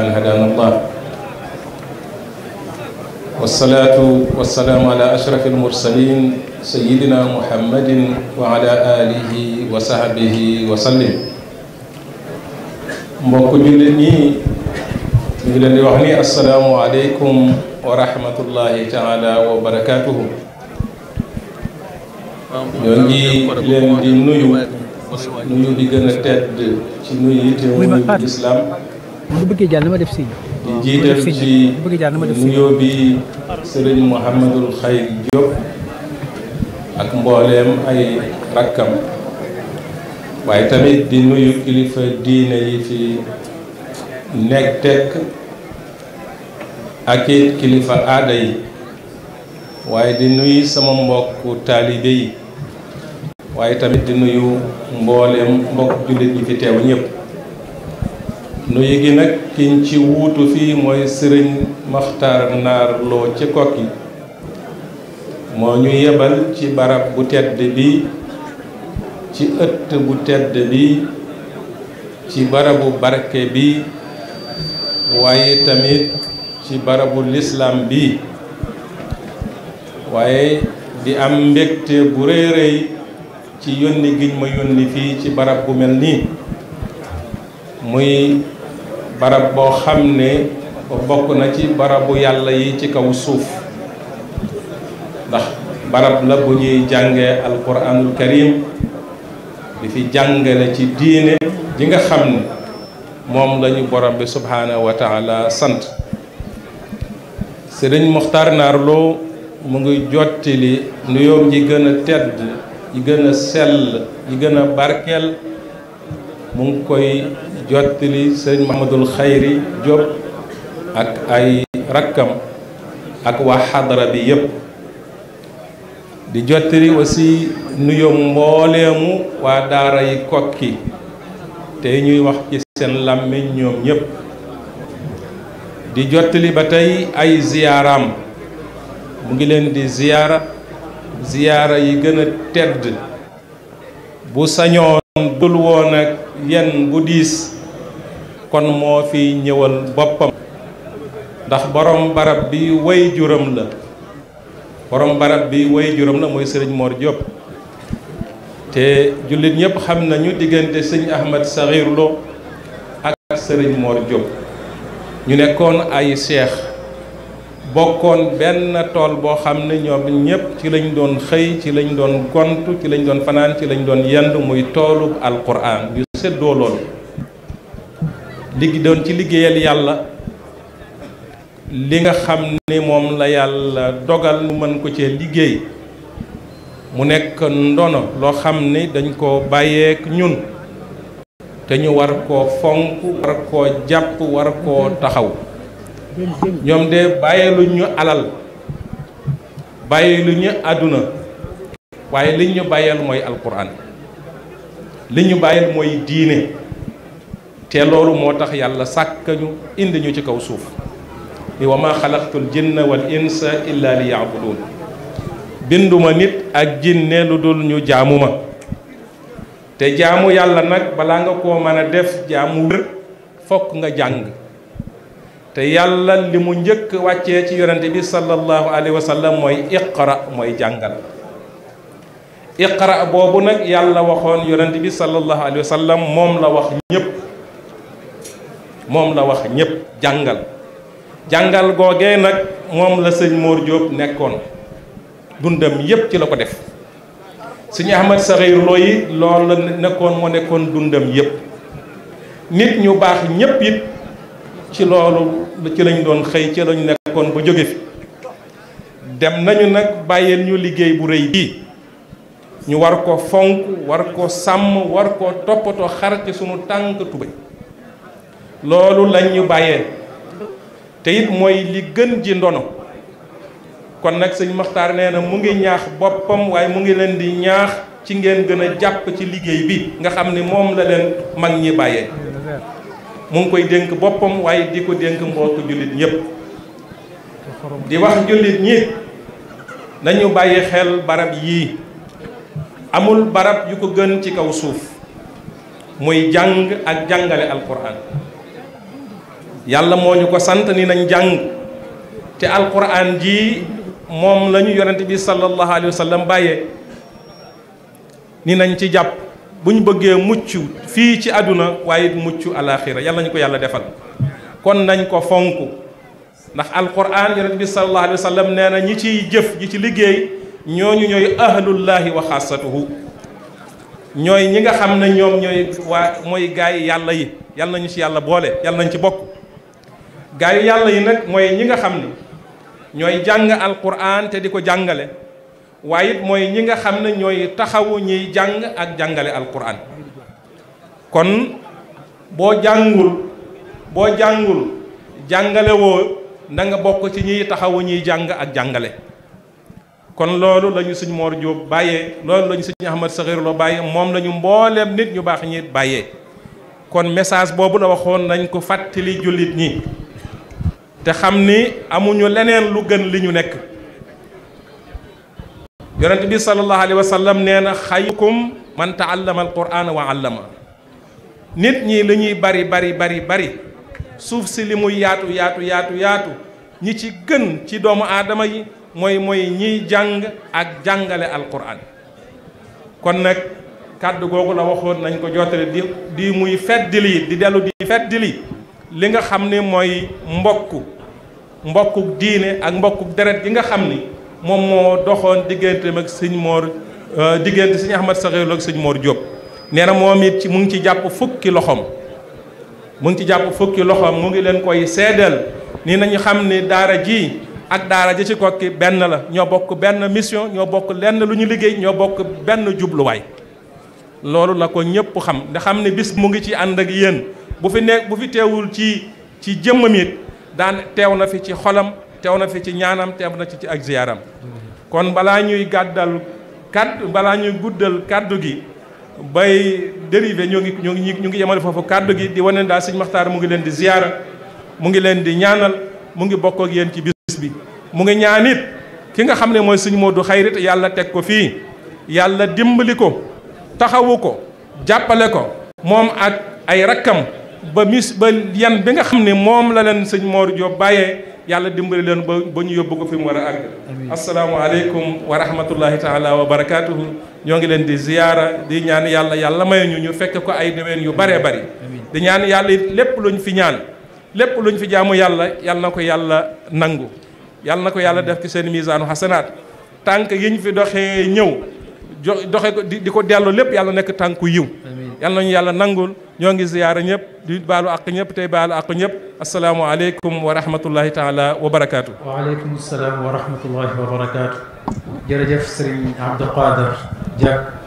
هدانا الله والصلاة والسلام على أشرف المرسلين سيدنا محمد وعلى آله وصحبه وسلم مكوجيني بجلال وحني السلام عليكم ورحمة الله تعالى وبركاته يونجي لين دي نيو نيو بيغن تيد سي نيو يتي نيو الاسلام bu bëggee jàll na ma def signe. di jiital ci nuyoo sëriñ Mouhamadul Xayr Diop ak mbooleem ay rakkam waaye tamit di nuyu kilifa diine yi fi nekk tekk ak kilifa aada yi waaye di nuyu sama mbokku taalibe yi waaye tamit di nuyu mbooleem mbokk jullit ñi fi teew ñëpp. nuyu gi nag kiñ ci wuutu fii mooy sëriñ Maxtaar Naar loo ci Kokki moo ñu yebal ci barab bu tedd bi ci ëtt bu tedd bi ci barabu barke bi waaye tamit ci barabu lislaam bi waaye di am mbégte bu rëy rëy ci yónni giñ ma yónni fii ci barab bu mel nii muy barab boo xam ne bokk na ci barabu yàlla yi ci kaw suuf ndax barab la bu ñuy jàngee alquranul karim di fi jàngale ci diine ji nga xam ne moom lañu borom bi subhaanahu wa taala sant sëriñ Muxtaar Naar loo mu ngi li nuyoom yi gën a tedd yi gën sell yi gën a barkeel mu ngi koy jottali sëriñ Mahamadul Xayri Diop ak ay rakkam ak waa xadara bi yépp di jottali aussi nuyo mbooleemu waa daara kokki te ñuy wax ci seen làmmiñ ñoom ñépp di jottali ba tey ay ziyaaraam mu ngi leen di ziyaara ziyaara yi gën a tedd bu sañoon dul woon ak yenn bu diis kon moo fi ñëwal boppam ndax boroom barab bi way juram la borom barab bi way juram la mooy sëriñ Mor Diop te jullit ñëpp xam nañu diggante sëñ Ahmed Saxiir Lo ak sëriñ Mor Diop ñu nekkoon ay seex bokkoon benn tool boo xam ne ñoom ñëpp ci lañ doon xëy ci lañ doon gont ci lañ doon fanaan ci lañ doon yend muy toolub alquran ñu séddoo loolu liggi doon ci liggéeyal yàlla li nga xam ni moom la yàlla dogal nu mën ko cee liggéey mu nekk ndono loo xam ni dañ ko bàyyeek ñun te ñu war koo fonk war koo jàpp war koo taxaw ñoom de bàyyilu ñu alal bàyyilu ñu àdduna waaye li ñu bàyyal mooy alquran li ñu bàyyal mooy diine te lolu motax yàlla sakkañu ñu indi ñu ci kaw suuf bi wama khalaqtul jinna wal insa illa liya'budun binduma nit ak jinne lu dul ñu jaamuma te jaamu yàlla nak bala nga ko mën def jaamu wér fokk nga jàng te yàlla limu mu wacce ci yaronte bi sallallahu alayhi wa moy iqra moy jàngal iqra bobu nak yàlla waxon yaronte bi sallallahu alayhi wasallam mom la wax ñëpp moom la wax ñépp jàngal jàngal googee nag moom la sëñ Mor Diop nekkoon dundam yépp ci la ko def sëñ Ahmad Saxiir Lo lool la nekkoon moo nekkoon dundam yépp nit ñu baax ñépp it ci loolu ci lañ doon xëy ci lañ nekkoon ba jóge fi dem nañu nag bàyyeen ñu liggéey bu rëy bii ñu war ko fonk war ko sàmm war ko toppatoo xar ci sumu tànk tubéy loolu lañ ñu bàyyee te mooy li gën ji ndono kon nag sëñ Maxtaar nee na mu ngi ñaax boppam waaye mu ngi leen di ñaax ci ngeen gën a jàpp ci liggéey bi nga xam ni moom la leen mag ñi bàyyee mu ngi koy dénk boppam waaye di ko dénk mbokk jullit ñépp di wax jullit ñi nañu bàyyi xel barab yii amul barab yu ko gën ci kaw suuf muy jàng ak jàngale alquran yàlla moo ñu ko sant ni nañ jàng te alquran ji moom la ñu bi sallallahu alayhi wa sallam bàyyee ni nañ ci jàpp bu ñu bëggee mucc fii ci àdduna waaye mucc alaxira yàlla ñu ko yàlla defal kon nañ ko fonk ndax alquran yonent bi sallallahu alayhi wa sallam nee na ñi ciy jëf ñi ci liggéey ñooñu ñooy ahlullahi wa xaasatuhu ñooy ñi nga xam ne ñoom ñooy waa mooy gaay yàlla yi yàlla nañu ci yàlla boole yàlla nañ ci bokk gaa yu yàlla yi nag mooy ñi nga xam ne ñooy jàng alquran te di ko jàngale waaye it mooy ñi nga xam ne ñooy taxawu ñuy jàng ak jàngale al alquran kon boo jàngul boo jàngul jàngalewoo woo na bokk ci ñuy taxawu ñuy jàng ak jàngale kon loolu la suñ moor Diop bàyyee loolu lañu ñu suñ Ahmad Saxiir Lo bàyyee moom la ñu mbooleem nit ñu baax ñi bàyyee kon message boobu la waxoon nañ ko fàttali jullit ñi te xam ni amuñu leneen lu gën li ñu nekk yonent bi sallallahu alayhi wa nee na xayrukum man taallama alquran wa allama nit ñi li ñuy bari bari bari bari suuf si li muy yaatu yaatu yaatu yaatu ñi ci gën ci doomu aadama yi mooy mooy ñiy jàng ak jàngale alquran kon nag kàddu googu la waxoon nañ ko jottale di di muy feddili di dellu di feddili li nga xam ni mooy mbokk mbokkuk diine ak mbokkuk deret gi nga xam ni moom moo doxoon digganteem ak sëñ moor euh, diggante sëñ Ahmad Saxiir Lo ak sëñ Mor Diop. nee na moom it ci mu ngi ci jàpp fukki loxoom mu ngi ci jàpp fukki loxoom mu ngi leen koy seedeel nii nañu xam ni daara ji ak daara ji ci kokki benn la ñoo bokk benn mission ñoo bokk lenn lu ñu liggéey ñoo bokk benn jubluwaay loolu na ko ñëpp xam nga xam ni bis mu ngi ci ànd ak yéen. bu fi nekk bu fi teewul ci ci jëmmam it daan teew na fi ci xolam teew na fi ci ñaanam teew na ci ci ak ziyaaram kon balaa ñuy gàddal kàddu balaa ñuy guddal kàddu gi bay dérivé ñu ngi ñu ngi ñu ngi yemale foofu kàddu gi di wane daal sëñ Maxtaar mu ngi leen di ziyaara mu ngi leen di ñaanal mu ngi bokk ak yéen ci bis bi mu ngi ñaanit ki nga xam ne mooy sëñ Moodu Xayrit yàlla teg ko fii yàlla dimbali ko taxawu ko jàppale ko moom ak ay rakkam ba mis ba yan bi nga xam ne moom la leen sëñ moor Diop bàyyee yàlla dimbali leen ba ba ñu yóbbu ko fi mu war a àgg asalaamaaleykum wa rahmatullahi taala wa barakatuhu ñoo ngi leen di ziyaara di ñaan yàlla yàlla may ñu ñu fekk ko ay déwén yu baree bari di ñaan yàlla it lépp luñ fi ñaan lépp luñ fi jaamu yàlla yàlla na ko yàlla nangu yàlla na ko yàlla def ci seen misaanu xasanaat tànk ñu fi doxee ñëw jo doxe ko di ko dellu lépp yàlla nekk tànku yiw yàlla ñoo ngi ziyaara ñëpp di baalu àq ñëpp tey baalu àq ñëpp asalaamualeykum wa rahmatullahi taala wa barakaatu. waaleykum salaam wa rahmatullahi wa barakaatu. jërëjëf Serigne Abdou Khader Diak.